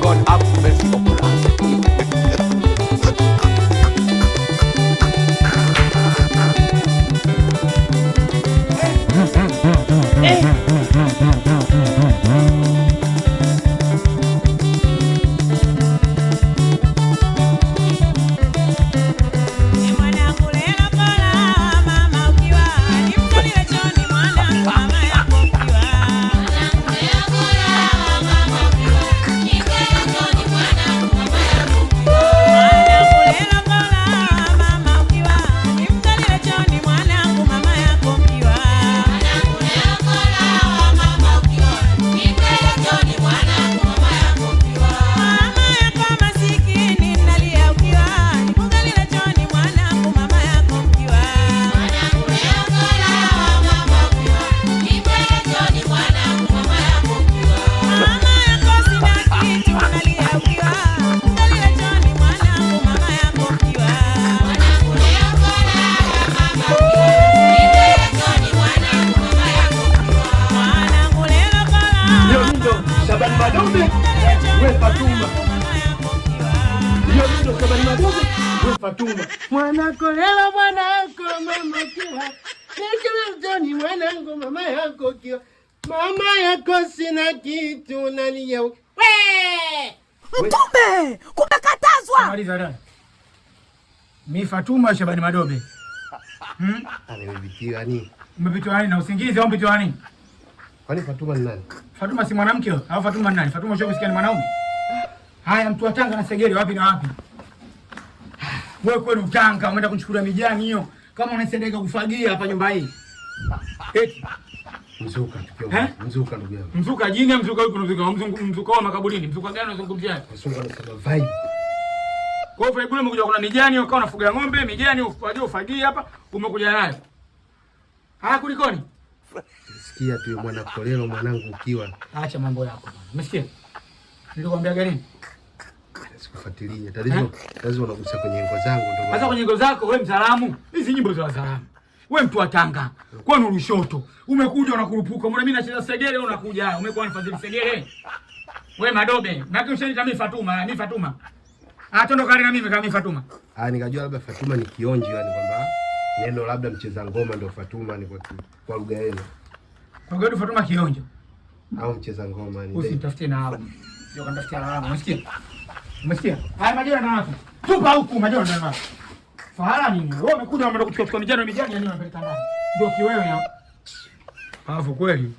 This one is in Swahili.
God have mercy upon Hey. Hey. Kabani Madobe we Fatuma, hiyo ndio Kabani Madobe we Fatuma, mwanako leo mwanako mama kiwa nikimtoni mwanangu mama yako kiwa mama yako sina kitu nani yao mtumbe kumekatazwa. Maliza dada, mi Fatuma Shabani Madobe, umepitiwa ah, ah, ah. hmm? nini? Umepitiwa nini na usingizi au umepitiwa nini? Kwani Fatuma ni nani? Fatuma si mwanamke au Fatuma ni nani? Fatuma sio kusikia ni mwanaume. Haya mtu wa Tanga na Segere wapi na wapi? Wewe kwenu utanga umeenda kuchukua mijani hiyo kama unasendeka kufagia hapa nyumba hii. Eti mzuka tukio. Eh? Mzuka ndugu yangu. Mzuka jini mzuka yuko mzuka mzuka wa makaburini. Mzuka gani unazungumzia? Mzuka ni kama vibe. Kwa hiyo vibe umekuja kuna mijani ukawa unafuga ng'ombe, mijani ufagia ufagia hapa umekuja nayo. Haya, kulikoni? Sikia tu mwana kolelo mwanangu, ukiwa acha mambo yako bwana. Umesikia? Nilikwambia gani? Sikufuatilia. Tatizo lazima eh? unagusa kwenye ngo zangu ndio. Sasa kwenye ngo zako wewe mzalamu. Hizi nyimbo za wazalamu, Wewe mtu wa Tanga. Kwa nuru shoto. Umekuja unakurupuka. Mbona mimi nacheza segere unakuja. Umekuwa unafadhili segere. Wewe madobe. Naki ushanita mimi Fatuma, mimi Fatuma. Ah, tondoka na mimi kama mimi Fatuma. Ah, nikajua labda Fatuma ni kionjo yani neno labda mcheza ngoma ndio Fatuma ni kwa kwa lugha yenu. Kwa hiyo Fatuma kionjo au mcheza ngoma ni. Usitafute na hapo. Sio kanitafutia lawama, unasikia? Umesikia? Haya majira na wapi? Tupa huku majira na wapi? Fahara ni Wewe umekuja umeenda kuchukua mijano mijani yani unapeleka ndani. Ndio kiwewe hapo. Alafu kweli